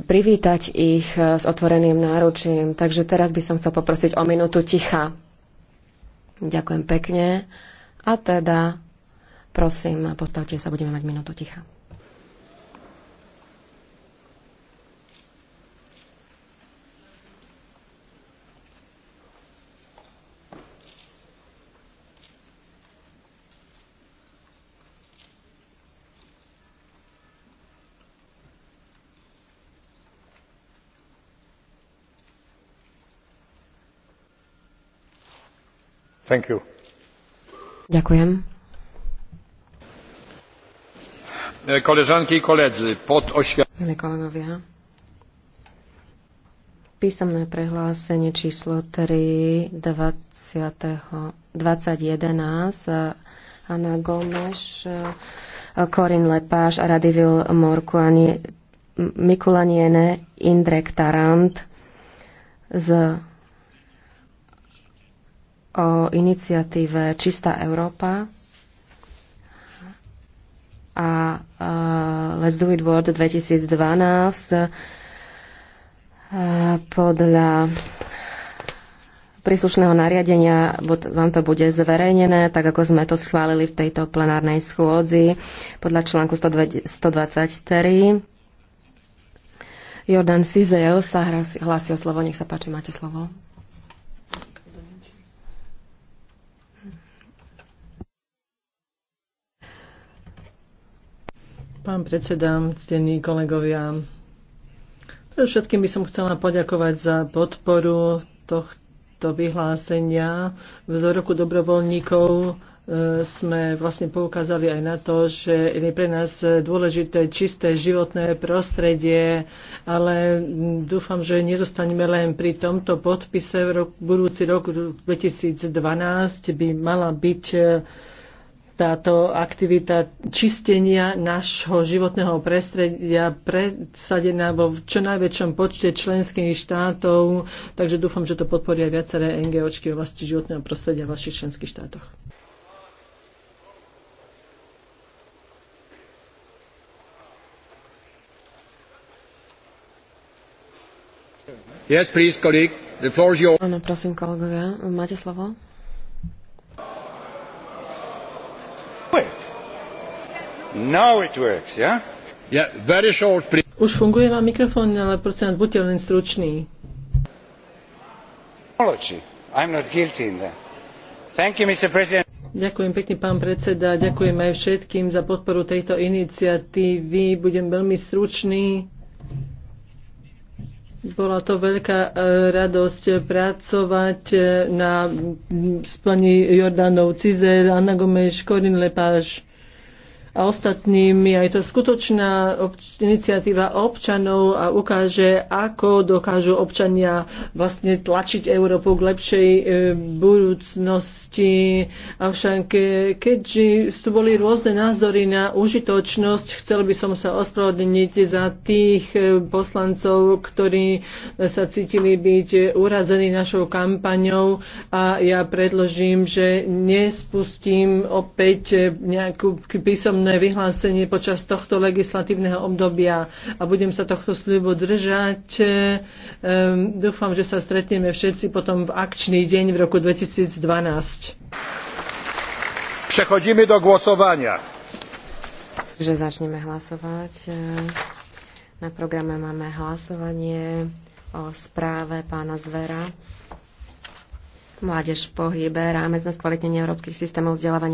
privítať ich eh, s otvoreným náručím. Takže teraz by som chcel poprosiť o minútu ticha. Ďakujem pekne. A teda, prosím, postavte sa, budeme mať minútu ticha. Thank you. Ďakujem. E, koleżanki i koledzy, pod oświadczeniem písomné prehlásenie číslo 3 20. 2011 Anna Gomes, Corin Lepáš a Radivil Morkuani Mikulaniene Indrek Tarant z o iniciatíve Čistá Európa a e, Let's Do It World 2012 e, podľa príslušného nariadenia vám to bude zverejnené, tak ako sme to schválili v tejto plenárnej schôdzi podľa článku 123. Jordan Sizel sa hlasí o slovo. Nech sa páči, máte slovo. Pán predseda, ctení kolegovia, pre všetkým by som chcela poďakovať za podporu tohto vyhlásenia. V roku dobrovoľníkov e, sme vlastne poukázali aj na to, že je pre nás dôležité čisté životné prostredie, ale dúfam, že nezostaneme len pri tomto podpise. V budúci rok 2012 by mala byť táto aktivita čistenia nášho životného prostredia predsadená vo čo najväčšom počte členských štátov. Takže dúfam, že to podporia viaceré NGOčky v oblasti životného prostredia v vašich členských štátoch. Yes, please, colleague. The floor is yours. Áno, prosím, kolegovia, máte slovo. Now it works, yeah? Yeah, very short, please. Už funguje vám mikrofón, ale prosím vás, buďte len stručný. I'm not guilty in that. Thank you, Mr. President. Ďakujem pekne, pán predseda. Ďakujem aj všetkým za podporu tejto iniciatívy. Budem veľmi stručný. Bola to veľká e, radosť pracovať e, na s pani Cizel, Anna Gomeš, Corinne Lepage a ostatnými. A je to skutočná obč- iniciatíva občanov a ukáže, ako dokážu občania vlastne tlačiť Európu k lepšej e, budúcnosti. Avšak e, keďže tu boli rôzne názory na užitočnosť, chcel by som sa ospravedlniť za tých e, poslancov, ktorí sa cítili byť urazení našou kampaňou a ja predložím, že nespustím opäť nejakú písomnú programné vyhlásenie počas tohto legislatívneho obdobia a budem sa tohto sľubu držať. Ehm, dúfam, že sa stretneme všetci potom v akčný deň v roku 2012. Przechodzimy do głosowania. Že začneme hlasovať. Na programe máme hlasovanie o správe pána Zvera. Mládež v pohybe, rámec na skvalitnenie európskych systémov vzdelávania